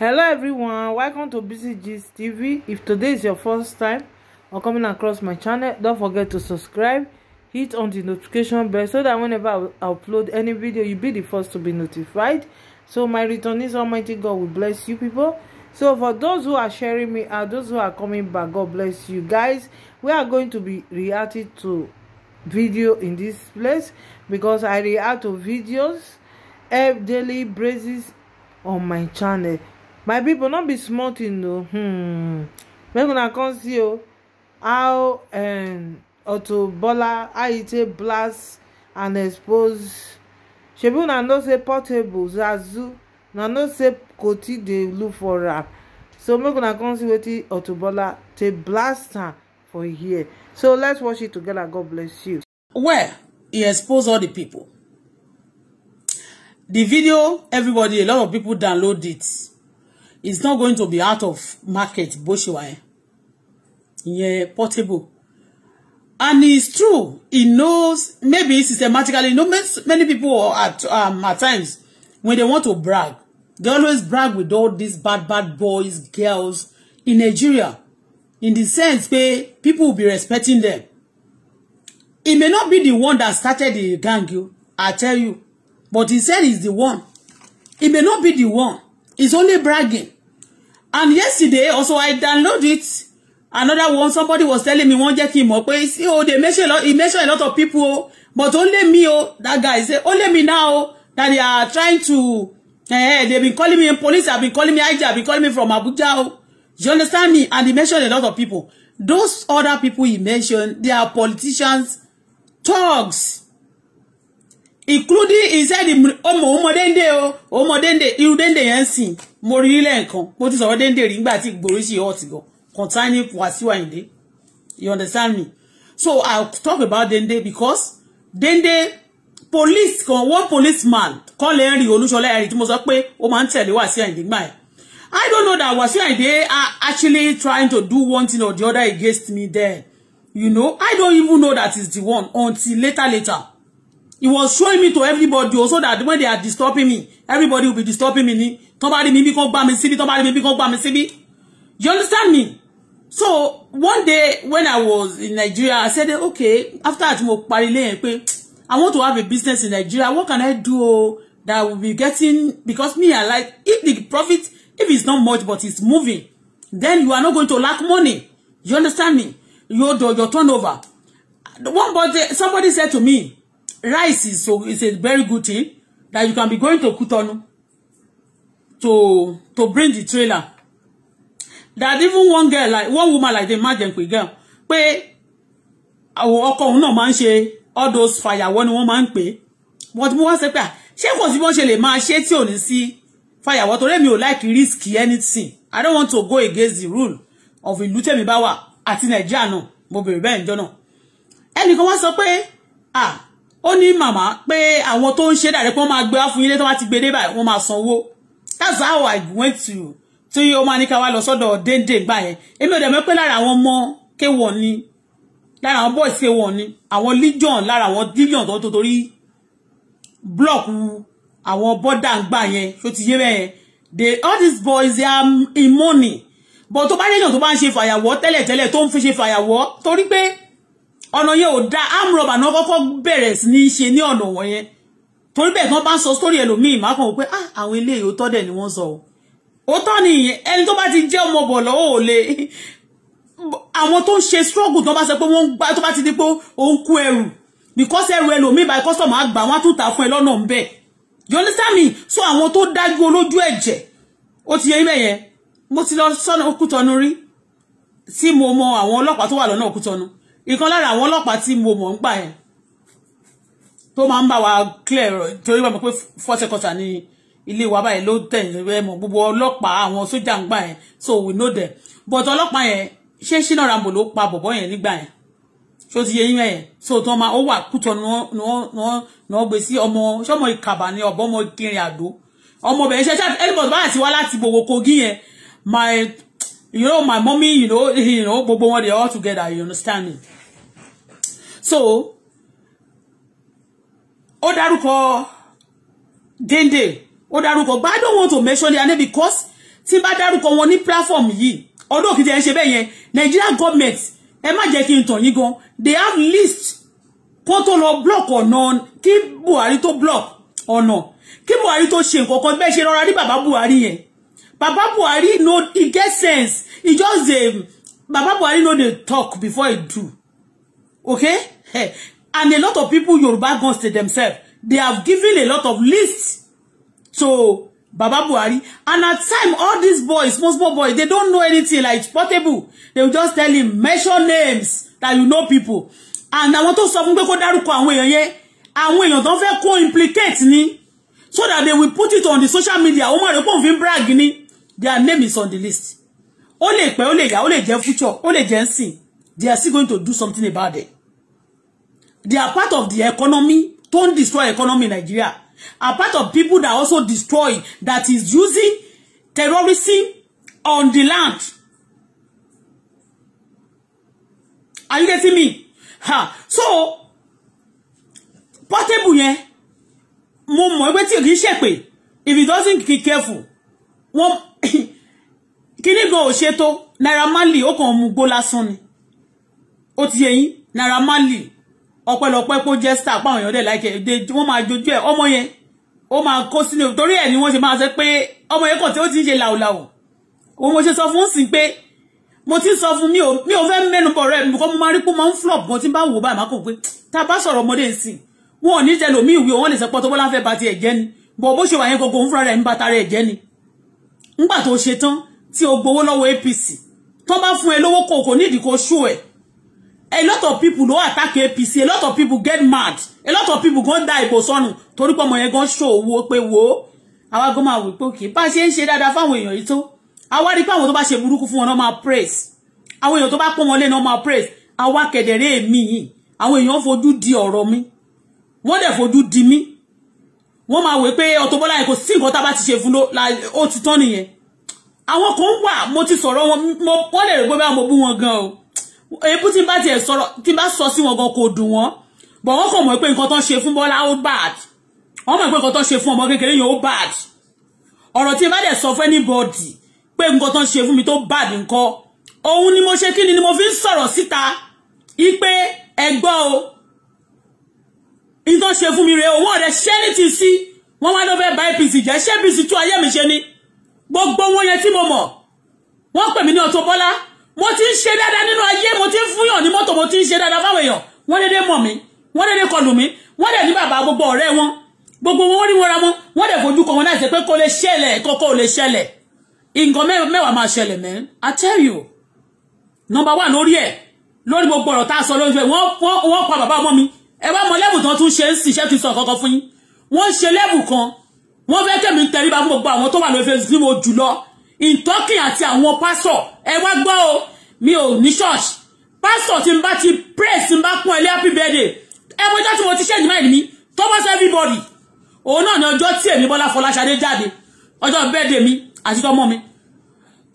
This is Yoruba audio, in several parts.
hello everyone welcome to busy tv if today is your first time or coming across my channel don't forget to subscribe hit on the notification bell so that whenever i upload any video you'll be the first to be notified so my return is almighty god will bless you people so for those who are sharing me and uh, those who are coming back god bless you guys we are going to be reacting to video in this place because i react to videos every eh, daily basis on my channel my people, no be small tin o hmm make una come see o oh, how um, auto bola how e take blast and expose shebi una know say portable zazu una know say koti dey look for am so make una come see wetin auto bola take blast am for here so let's watch it together god bless you. well he expose all the people the video everybody a lot of people download it it's not going to be out of market Boshiwa. ṣe yẹn portable and it's true he knows maybe systematically you know many people at um, at times when they want to brag they always brag with all these bad bad boys girls in Nigeria in the sense pé people will be respecting them he may not be the one that started the gang you I tell you but he said he's the one he may not be the one Is only bragging. And yesterday also I download it. Another one, somebody was telling me one jẹ́ kí n mọ̀ pé oh they mention a lot, he mentioned a lot of people but only me oh that guy said only me now that they are trying to eh, eh, they've been calling me police, have been calling me IG, have been calling me from Abuja oh. You understand me? And he mentioned a lot of people. Those other people he mentioned, they are politicians, thugs including inside said ọmọ ọmọ déndé o ọmọ déndé irú déndé yẹn sìn mo rí lẹ́ẹ̀kan mo ti sọ̀rọ̀ déndé rí nígbà tí gbòòrò sí ọ̀tì gan containing Wasiu you understand me so I'll talk about déndé because déndé police kan one policeman kan lè rìn olúṣọlá ẹ̀rìn tí mo sọ pé ó máa ń tẹ̀lé Wasiu Ayinde gbà ẹ̀ I don't know that Wasiu Ayinde are actually trying to do one thing or the other against me there you know I don't even know that is the one until later later he was showing me to everybody so that when they are disturbing me everybody will be disturbing me ni tán come back mi see me. gbá mi come back bá see me. you understand me so one day when i was in nigeria i said okay after I mo parí ilé yẹn pé i want to have a business in nigeria what can i do that will be getting because me i like if the profit if it's not much but it's moving then you are not going to lack money you understand me your your turnover one body somebody said to me rice is so it's a very good thing that you can be going to Kutonu to to bring the trailer that even one girl like one woman like the majenpe girl pé àwọn ọkọ òun náà máa ń ṣe all those fàyàwọ́ ni wọ́n máa ń pè wọ́n ti mú wá sẹ́pẹ́ à ah, ṣé kò sí bọ́n ṣe lè máa ṣe tí ò ní sí fàyàwọ́ torí mi ò like risk anything I don't want to go against the rule of ìlú tèmi bá wà àti Nàìjíríà náà mo bèrè bẹ́ẹ̀ níjọ́ náà ẹnìkan wá sọ pé ah ó ní màmá pé àwọn tó ń ṣe dàrẹ́ pé wọ́n máa gbé wá fún yín lé tó bá ti gbé dé báyìí wọ́n máa sanwó that's how I went to tí ó máa ní ká wá lọ sọ́dọ̀ déńdé gbà yẹn èmi ò dẹ̀ mọ̀ pé lára àwọn ọmọ kéwọ̀n ni lára àwọn boys kéwọ̀n ni àwọn legion lára àwọn legion tó tó torí block àwọn bọ́dà ń gbà yẹn tó ti yé bẹ́ẹ̀ they all these boys they are in money but tó bá yẹn tó bá ń ṣe fàyàwọ́ tẹ́lẹ̀tẹ́lẹ̀ tó ń fi ṣe fàyàwọ́ torí pé ọ̀nà yẹn ò da arm rubber náà kọ́kọ́ bẹ̀rẹ̀ sí ní ṣe ní ọ̀nà wọn yẹn torí bẹ́ẹ̀ kan bá ń sọ sórí ẹlòmíì máa kàn wò pé ah àwọn eléyìí ó tọ́ dẹ̀ ni wọ́n sọ o òótọ́ ni ìyẹn ẹni tó bá ti jẹ́ ọmọ bọ̀ lọ́wọ́ ò le àwọn tó ń ṣe struggle tó bá sọ pé wọ́n ń gbá tó bá ti di pé ó ń kú ẹrù because ẹrù ẹlòmíì by customer á gbà wọ́n á tún tà fún ẹ lọ́nà ń bẹ̀ you understand me so àwọn tó dájú olójú ẹ̀jẹ̀ ó ti yẹ ibẹ̀ yẹn mo ti lọ sọ́nà òkútọ́nu rí tí mo mọ àwọn ọlọ́pàá tó wà lọ́nà òkútọ́nu ìkan lára àwọn ọlọ́pàá tí mo mọ̀ ń gbà yẹn tó máa ń bá wa clear ọ̀rọ̀ torí wà mọ̀ pé force quarter ni ilé wa báyìí ló tẹ̀ ẹ́ mọ̀ gbogbo ọlọ́pàá àwọn sójà ń gbà yẹn so we know them but ọlọ́pàá yẹn ṣé Shina Rambo ló pa bọ̀bọ̀ yẹn nígbà yẹn ṣó ti yẹ yín yẹn so tó máa ó wà kútọ ni wọ́n gbé sí ọmọ ṣọmọ ìkàbà ni ọ̀bọ ọmọ kiri àdó ọmọ bẹ̀rẹ̀ ṣẹ́ṣẹ́ ẹnìbọ̀dọ̀ báyà ti wá láti gbogbo Kogi yẹn my you know my mommy you know you know gbogbo wọn they all together you understand me so ó dárúkọ dende ó dárúkọ but I don't want to mention their name because tí bá dárúkọ wọn ní platform yìí ọdún òkìtì ẹ ń ṣe bẹ́ẹ̀ yẹn Nigeria government ẹ má jẹ́ kí n tàn yín gan they have list kó tó lọ block ọ̀nà kí Buhari tó block ọ̀nà kí Buhari tó ṣe nǹkan kan bẹ́ẹ̀ ṣe rọra rí bàbá Buhari yẹn Baba Buhari no e get sense. E just dey um, Baba Buhari no dey talk before e do. Okay? Hey. And a lot of people Yoruba guns to themselves. They have given a lot of lists to Baba Buhari. And at time, all these boys, most small boys, they don't know anything like Portable. They will just tell him, mention names that you know people. And àwọn tó sọ fún pé kó dárúkọ àwọn èèyàn yẹn, àwọn èèyàn tó fẹ́ kó implicate ni. So that they will put it on the social media. Ó mọ̀ rẹ̀ pọ̀ fi brag ni their name is on the list ó lè pẹ́ ó lè yá ó lè jẹ́ future ó lè jẹ́ nsìn they are still going to do something about it they are part of the economy don't destroy economy in Nigeria are part of people that also destroy that is using terrorism on the land are you getting me ha so portable yẹn mo mọ̀ ẹgbẹ́ tí kì í ṣèpè if you doesn't be careful wọ́n kini gan o ṣe tó Naira Marley o kan mu gbo lásán ni o ti yẹ Naira Marley ọpẹ́lọpẹ́ kó jẹ́ star páwọn de dẹ̀ láìkẹ́ wọ́n máa jojú ẹ̀ ọmọ yẹn ó máa kó sínú torí ẹ̀ ni wọ́n ṣe máa ṣe pé ọmọ yẹn kàn tí ó ti ń ṣe làwùlàwù òun mo ṣe sọ fún sí pé mo ti sọ fún mi o mi ò fẹ́ mẹ́nu bọ̀ rẹ̀ mi kọ́ mo máa rí pé máa ń flop gan tí bá wò báyìí má kò pé tá a bá sọ̀rọ̀ ọmọdé nsìn wọn ò ní jẹ lòmí ìwé wọn lè sọ pé Auto Bola fẹ́ ba ti ẹ̀jẹ̀ ni bọ̀ bó ṣe wà yẹn gbogbo ń fúnra rẹ̀ ń ba tara ẹ̀jẹ̀ ni ńgbà to ṣe tan. tí o gbowó lọ́wọ́ APC tó bá fún ẹ lówó kò kò nídìí kó show ẹ a lot of people ló attack APC a lot of people get mad a lot of people go die ìbò sọnù torí pé ọmọ yẹn gan ṣó owó pé wo àwa gan máa wí pé okay. bá ṣe ń ṣe dáadáa fáwọn èèyàn yìí tó àwa rí pé àwọn tó bá ṣe burúkú fún wọn náà máa praise àwọn èèyàn tó bá pọ́n wọn lé náà máa praise àwa kẹ̀dẹ̀rẹ́ èmi yìí àwọn èèyàn fojú di ọ̀rọ̀ mi wọ́n dẹ̀ fojú di mí wọ́n máa wí pé Auto Bola yẹn kò sí nǹkan tá ti ṣe fún ló ó ti tán nìyẹn àwọn kan wà mo ti sọ̀rọ̀ wọn mo wọ́n lè rò pé báwọn mo bú wọn gan o èébú tí n bá tiẹ̀ sọ̀rọ̀ tí n bá sọ sí wọn gan kò dùn wọ́n bọ̀ wọ́n kàn mọ̀ pé nǹkan tó ń ṣe fún Bọ́lá ó bad wọ́n mọ̀ pé nǹkan tó ń ṣe fún ọmọ kékeré yẹn ó bad ọ̀rọ̀ tí n bá dẹ̀ sọ fún anybody pé nǹkan tó ń ṣe fún mi tó bad nǹkan òun ni mo ṣe kí ni ni mo fi ń sọ̀rọ̀ síta ipe ẹgbọ́ o nǹkan ṣe fún mi rèé òun ọ̀rẹ́ ṣẹ́ni ti sí wọ́n wá ló fẹ́ bá APC jẹ́ ṣé APC tú ayé mi ṣe ni gbogbo wọn yẹn tí mo mọ̀ wọ́n pè mí ní Auto Bola mo ti ń ṣe dáadáa nínú ayé mo ti ń fúyàn ní mọ́tò mo ti ń ṣe dáadáa fáwọn èèyàn wọ́n dédé mọ̀ mí wọ́n dédé kọlù mí wọ́n dẹ̀ ní bàbá gbogbo ọ̀rẹ́ wọn gbogbo wọn rí wọn ra wọn wọ́n dẹ̀ fojú kọ wọn láti ṣe pé kó lè ṣẹlẹ̀ kókó lè ṣẹlẹ̀ nǹkan mẹ́wàá máa ṣẹlẹ̀ mẹ́ I tell you number one lórí ẹ̀ lórí gbogbo ọ̀rọ̀ tá a sọ lórí fẹ́ wọ́n pa bàbá ọmọ mi ẹ wá mọ lẹ́bù tán tún ṣe ń ṣiṣẹ́ ti sọ kọ́kọ́ fún yín wọ́n ṣe lẹ́bù kan wọ́n fẹ́ kẹ́mi tẹríba fún gbogbo àwọn tó wà lórí Facebook tí mo jù lọ ìtọ́kì àti àwọn pásọ̀ ẹ wá gbọ́ o mi ò ní ṣọ́ọ̀ṣì pásọ̀ tí n bá ti praise tí n bá pọ́n ẹlẹ́ happy birthday ẹ mọjọ́ tí mo ti ṣẹ́yìn máìlì mi tó bọ́ sẹ́ everybody òun náà ni ọjọ́ tí èmi Bọ́lá Fọláṣadé jáde ọjọ́ birthday mi àti tọmọ mi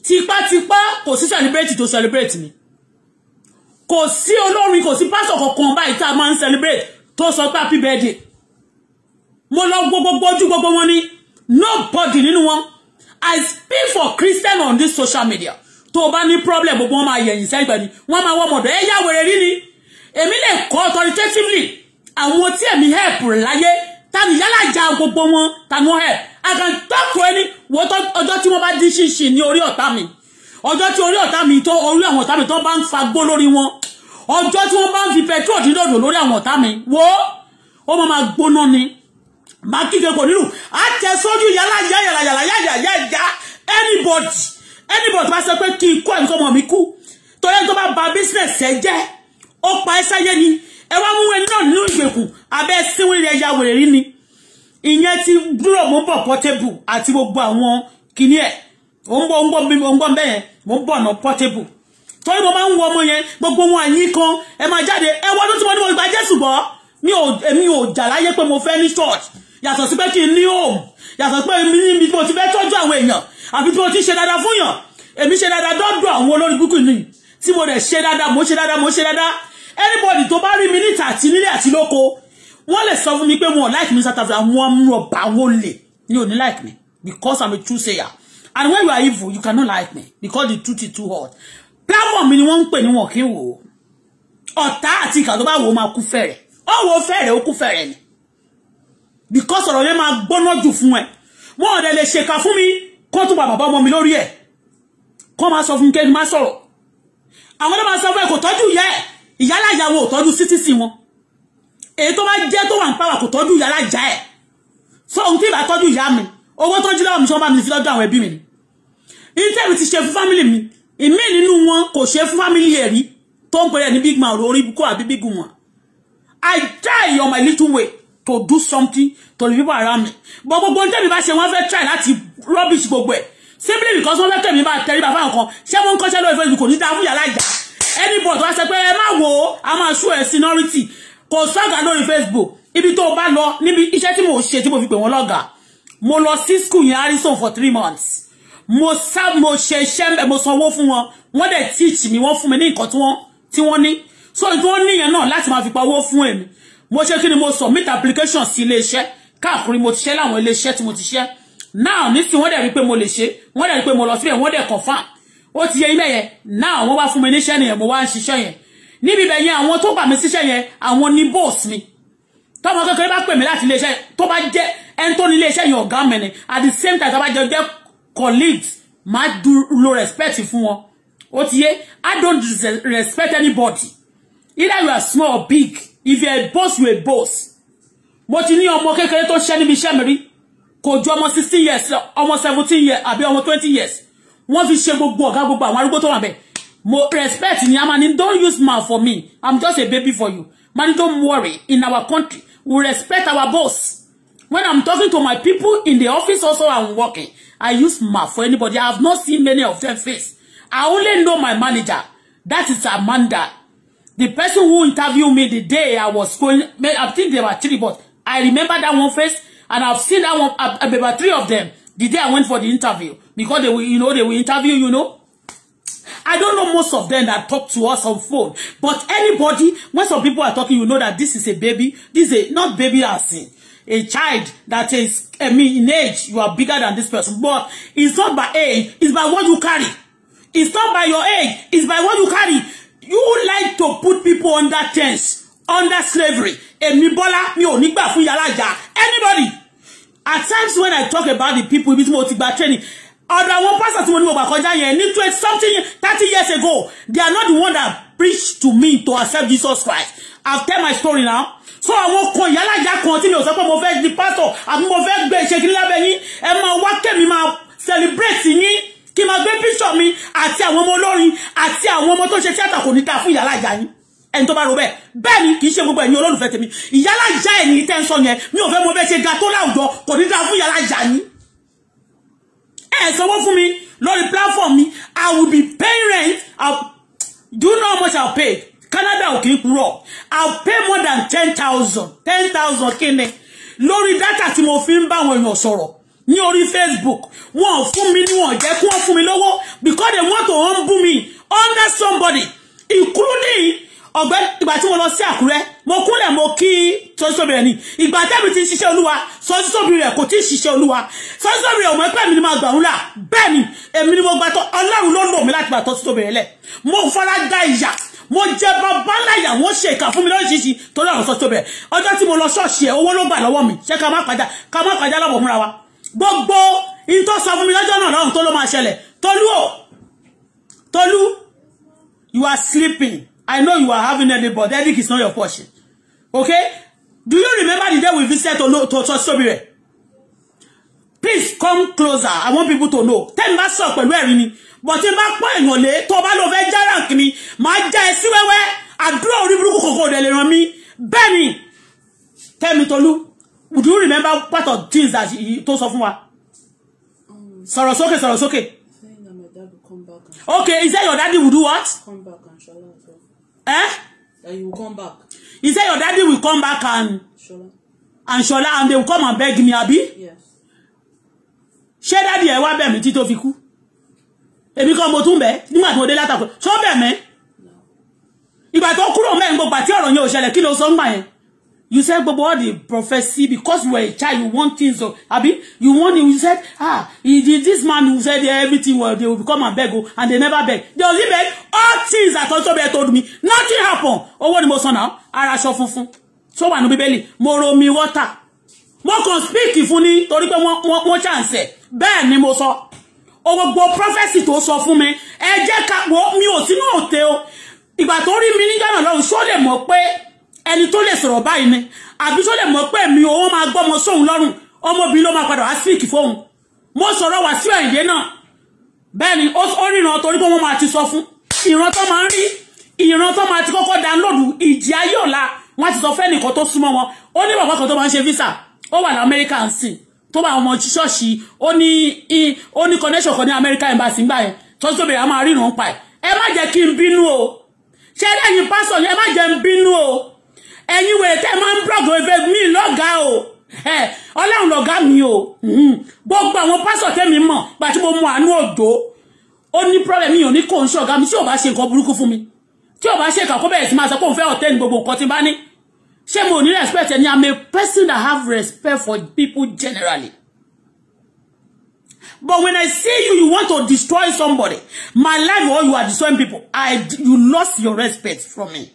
tipátipá kò sí celebrate tó celebrate mi kò sí olórin kò sí pásọ̀ kankan báyìí tá a máa ń celebrate tó sọ pé happy birthday mo lọ gbogbogbò ojú gbogbo wọn ni nobody nínú wọn i speak for christian on this social media tó o bá ní problem gbogbo wọn máa yẹ̀yìn sẹ́yìn gbẹ̀ni wọ́n máa wọ́n mọ̀dọ̀ ẹ̀yà wèrè rí ni èmi lè kọ́ authoritatively àwọn tí èmi help rẹ̀ láyé tani yálà ja gbogbo wọn tani wọn help i can talk to any wọ́n ọjọ́ tí wọ́n bá dín ṣinṣin ní orí ọ̀tá mi ọjọ́ tí orí ọ̀tá mi tó orí àwọn ọ̀tá mi tó bá ń fagbó lórí wọn ọjọ́ tí wọ́n bá ń fi petrol dídòdò lórí àwọn ọ̀tá mi wo ó máa gbóná ni máa kígbe kò nílù á tẹ sójú yàrá yàrá yàrá yàrá yàrá anybody anybody bá sọ pé kí ikú ẹ̀ nǹkan mọ̀ mí kú torí ẹni tó bá ba business ẹ jẹ́ ó pa ẹ sáyé ni ẹ wá mú ẹni náà nínú ìgbèkùn abẹ́ síwìn rẹ̀ ya wèrè rí ni ìyẹn ti dúró mú bọ̀ portable àti gbogbo àwọn kìíní ẹ̀ ó ń bọ̀ ń bọ̀ ń bọ̀ bẹ́ẹ̀ mò ń bọ̀ ná portable torí mo máa ń wọ ọmọ yẹn gbogbo wọn àyíkan ẹ máa jáde ẹ wọ́n tó ti mọ́ ní mo Jésù bọ́ mi o èmi o jà láyé pé mo fẹ́ ní church yàtọ̀ sí pé kí n home yàtọ̀ sí pé mi ní ibi mo ti fẹ́ tọ́jú àwọn èèyàn àbí tí mo ti ṣe dáadáa fún yàn èmi ṣe dáadáa dọ́dọ̀ àwọn olórí kúkú ni tí mo dẹ̀ ṣe dáadáa mo ṣe dáadáa mo ṣe dáadáa anybody tó bá rí mi níta àti nílé àti lóko wọ́n lè sọ fún mi pé wọn like mi South Africa wọ́n mú ọba wọn lè ní ò like me because I'm a true sayer and when you are evil you cannot like me because the truth is too hot platform mi ni wọ́n pe pè ní wọn kí n wò ó ọ̀tá àti ìkà tó bá wò máa kú fẹ́rẹ̀ ó wo fẹ́rẹ̀ ó kú fẹ́rẹ̀ ni because ọ̀rọ̀ yẹn máa gbóná jù fún ẹ wọn ò dẹ̀ lè ṣèkà fún mi kó tún bá bàbá ọmọ mi lórí ẹ̀ kó máa sọ fún mi kẹ́ni máa sọ̀rọ̀ àwọn náà máa sọ fún ẹ kò tọ́jú ìyá ẹ̀ ìyálà ìyàwó ò tọ́jú sítìsì wọn èyí tó bá jẹ́ tó wà ń pàwà kò tọ́jú ìyálà ìjà ẹ̀ so ohun tí ìbá tọ́jú ìyá mi owó tó jílá òmìṣọ́ bá mi fi lọ́dọ̀ àwọn ẹbí mi ni intanet ti ṣe fún fámìlì mi ìmí nínú wọn kò ṣe fún fámìlì ẹ̀rí tó ń pẹ̀rẹ̀ ní big man orí kó àbí big woman I try on my little way to do something to the people around me. But gbogbo n tẹ́mi bá ṣe wọ́n fẹ́ try láti rubbish gbogbo ẹ̀. Simply because wọ́n fẹ́ tẹ̀mí bá tẹ̀rí bàbá nǹkan ṣé wọ́n ń kọ́ṣẹ́ lórí Facebook kò ní dáa fún yàrá Anybody wá sọ pé ẹ má wò a máa ṣú ẹ̀ seniority. Kò sọ́gà lórí Facebook. Ibi tó o bá lọ níbi iṣẹ́ tí mo ṣe tí mo fi pè wọ́n lọ́gàá. Mo lọ sí school yẹn Harrison for three months. Mo sá mo ṣe iṣẹ́ mo sanwó fún wọn. Wọ́n dẹ̀ teach mi, wọ́n fún mi ní nǹkan tí wọ́n ní so ìtú wọn níyẹn náà láti máa fi pa owó fún èmi mo ṣe kí ni mo submit application sí ilé iṣẹ́ káàkiri mo ti ṣe láwọn ilé iṣẹ́ tí mo ti ṣe now nísìnyí wọ́n dẹ̀ rí pé mo lè ṣe wọ́n dẹ̀ rí pé mo lọ síbẹ̀ wọ́n dẹ̀ confirm ó ti yẹ ilé now wọ́n wá fún mi níṣẹ́ nìyẹn mo wá ń ṣiṣẹ́ yẹn níbi ibẹ̀ yẹn àwọn tó gbà mí síṣẹ́ yẹn àwọn ní boss mi tọmọ kékeré bá pè mí láti ilé iṣẹ́ tó bá jẹ́ ẹni tó ní ilé iṣẹ́ yẹn ọ̀gá mi ni at the same time tó bá jẹ́ jẹ́ colleagues Do lo respect fún wọn ó ti yẹ I don't respect anybody either you are small or big if you are a boss you a boss mo ti ní ọmọ kékeré tó ṣiṣẹ́ níbi iṣẹ́ mi rí kò ju ọmọ sixteen years ọmọ seventeen years àbí ọmọ twenty years wọ́n fi ṣe gbogbo ọ̀gá gbogbo àwọn arúgbó tó wà bẹ́ẹ̀ mo respect ni a ma don't use mouth for me i'm just a baby for you man don't worry in our country we respect our boss when i'm talking to my people in the office also i'm working i use mouth for anybody i have not seen many of them face i only know my manager that is Amanda The person who interviewed me the day I was going, I think there were three, but I remember that one face, and I've seen that one, uh, there were three of them, the day I went for the interview. Because they will, you know, they will interview, you know. I don't know most of them that talk to us on phone. But anybody, when some people are talking, you know that this is a baby. This is a, not baby as in a child that is, I mean, in age, you are bigger than this person. But it's not by age, it's by what you carry. It's not by your age, it's by what you carry you like to put people under chains under slavery èmi Bọ́lá mi ò ní gbà fún yàrá anybody at times when I talk about the people ibi tí mo ti gba training ọ̀dọ̀ àwọn pásítọ̀ tí mo ní mo gbà kọjá yẹn ní twenty something thirty years ago they are not the one that preach to me to accept Jesus Christ I've tell my story now so àwọn kan ìyálàjà kan tí mi ò sọ pé mo fẹ́ di pásítọ̀ àbí mo fẹ́ gbé ìṣèkiri lábẹ́ yín ẹ máa wá kẹ́mi máa celebrate yín kí n máa gbé píṣọ mi àti àwọn ọmọ olórin àti àwọn ọmọ tó ṣe tíátà kò ní dáa fún ìyálà ìyá yín ẹni tó bá ro bẹ́ẹ̀ bẹ́ẹ̀ ni kì í ṣe gbogbo ẹ̀yin olólùfẹ́ tèmi ìyálà ìyá ẹ̀yin tẹ́ ń sọ yẹn mi ò fẹ́ mọ bẹ́ẹ̀ ṣe ga tó láwùjọ kò ní dáa fún ìyálà ìyá yín ẹ sanwó fún mi lórí platform mi I will be paying rent do you know how much I pay Canada ò kì í kúrọ̀ I pay more than ten thousand ten thousand kíni lórí dátà tí mo fi ń bá àwọn èèyàn sọ̀rọ̀ ní orí Facebook wọn ò fún mi níwọ̀n jẹ́ kí wọ́n fún mi lówó because they want to humble me under somebody including ọ̀gbẹ́ ìgbà tí mo lọ sí Àkúrẹ́ mo kúnlẹ̀ mo kí sọ́sọ́bìrẹ̀ ni ìgbà tẹ́mi ti ń ṣiṣẹ́ olúwa sọ́sọ́bìrẹ̀ kò tí ì ṣiṣẹ́ olúwa sọ́sọ́bìrẹ̀ ò mọ̀ pé mi ni máa gbà ń là bẹ́ẹ̀ ni èmi ni mo gbà tọ́ ọlọ́run ló lò mí láti gbà tọ́ sọ́sọ́bìrẹ̀ lẹ̀ mo fara da ìyà mo jẹ babaláyà wọn ṣe ìkà fún mi lóríṣiríṣi torí àwọn sọ́sọ́bìrẹ̀ ọjọ́ tí mo lọ ṣọ́ọ̀ṣì ẹ̀ owó ló gbà lọ́wọ́ mi ṣé ká má pàjá ká má pàjá lọ́wọ́ fúnra wa gbogbo in tó sọ fún mi lọ́jọ́ náà lọ́hùn tó ló máa ṣẹlẹ̀ tolú o tolú you are sleeping i know you are having any but headache is not your portion okay do you remember the day we visit to to to sobire please come closer i want people to know tẹ́ni bá sọ pẹ̀lú ẹ̀rí ni but tí n bá pọ̀ èèyàn lé tó bá lọ fẹ́ já rank ni màá já ẹ sí wẹ́wẹ́ àdúrà orí burúkú kòkòrò rẹ̀ lè ràn mí bẹ́ẹ̀ ni Kẹ́mi Tolú Would you remember part of things that he tó sọ fún wa sọ̀rọ̀ sókè sọ̀rọ̀ sókè. okay he said your daddy will do what. come back and shala eh. that you will come back. he said your daddy will come back and. shala. and shala and they will come and beg me abi. yes. ṣé dáàdi ẹ wá bẹ̀ mí tí tó fi kú èmi kan mo tún bẹ̀ nígbà tí mo dé látàkùn ṣó bẹ̀ mí ìgbà tó kúrò mẹ́rin gbogbo àti ọ̀rọ̀ yẹn ò ṣẹlẹ̀ kí ló sọ ń gbà yẹn You said gbogbo all the prophecy because you were a child, you want things so Abi, you want you said, ah, he this man who said everything well, they will become and beg, and they never beg. They only beg all things that also be told me. Nothing happen. Oh, what mo so now? Ara aṣọ funfun. So wà ní Bíbélì, mo ro mi water. Mo kàn speak fún ni torí pé wọ́n wọ́n chance. Bẹ́ẹ̀ ni mo sọ. O gbogbo prophecy to so fún mi, ẹ jẹ́ ká mi o sínú òtẹ́ o. Ìgbà tó rí mi ní Ghana lọ́hùn, ṣó lè mọ̀ pé ẹni tó lè sọ̀rọ̀ báyìí ni àbí tó lè mọ̀ pé mi òun máa gbọ́mọ sóhun lọ́rùn ọmọbìnrin ló máa padà wá speak fóun mo sọ̀rọ̀ wá sí ẹ̀yẹ náà bẹ́ẹ̀ ni ó ríran torí pé wọ́n máa ti sọ fún ìran tó máa ń rí ìran tó máa ti kọ́kọ́ download ìjì ayé ọ̀la wọ́n ti sọ fẹ́ nìkan tó súnmọ́ wọn ó ní bàbá kan tó máa ń ṣe visa ó wà ní Amẹ́ríkà ń sìn tó bá ọmọ ṣọ́ọ̀ṣì ó ní ó ní connection kan ní Amẹ́ríkà embassy ń gbà yẹn tó tó bẹ̀rẹ̀ a máa ríran pa ẹ̀ ẹ má jẹ́ kí n bínú o ṣe é lẹ́yìn pásọ̀ yẹn ẹ má jẹ́ n bínú o ẹ̀yin wèrè tẹ́ máa ń blog ẹ̀fẹ̀ mi lọ́gà o ọlọ́run lọ́gà mi o hmm. gbogbo àwọn pásọ̀ tẹ́mi mọ̀ gbàtí mo mọ àánú òjò ó ní problem mi ò ní kò ń ṣọ̀gá mi tí ò bá ṣe nǹkan burúkú fún mi tí ò bá ṣe kàkó bẹ̀rẹ̀ sí máa sọ pé òun fẹ́ ọ̀tẹ́ ní gbogbo nǹkan tí bá ní ṣé mo ní respect ẹni I'm a person that have respect for people generally but when I see you you want to destroy somebody my life or you are destroying people I you lost your respect from me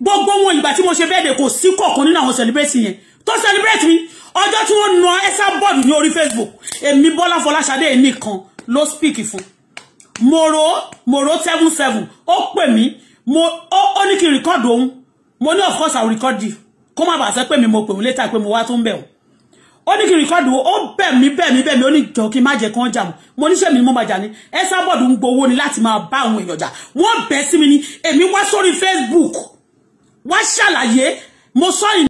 gbogbo wọn ìgbà tí mo ṣe bẹ́ẹ̀dẹ̀ kò sí kọ̀ọ̀kan nínú àwọn celebrate yẹn tó celebrate mi ọjọ́ tí wọ́n na ẹ́sà board ní orí Facebook èmi Bọ́lá Fọláṣadé nìkan ló speak fún moro moro seven seven ó pè mí mo ó ní kí n record òun mo ní of course i will record you kó má bàa sọ pé mi mo pè òun létà pé mo wá tó ń bẹ̀ òun ó ní kí rìkọ́dù ó bẹ̀ mí bẹ̀ mí bẹ̀ mí ó ní jọ kí n má jẹ́ kí wọ́n jà mọ́ mo níṣẹ́ mi ni mo máa jà ní ń gbowó ni láti máa bá àwọn èèyàn jà wọ́n bẹ̀ sí mi ni èmi wá sórí Facebook wá ṣàlàyé mo sọ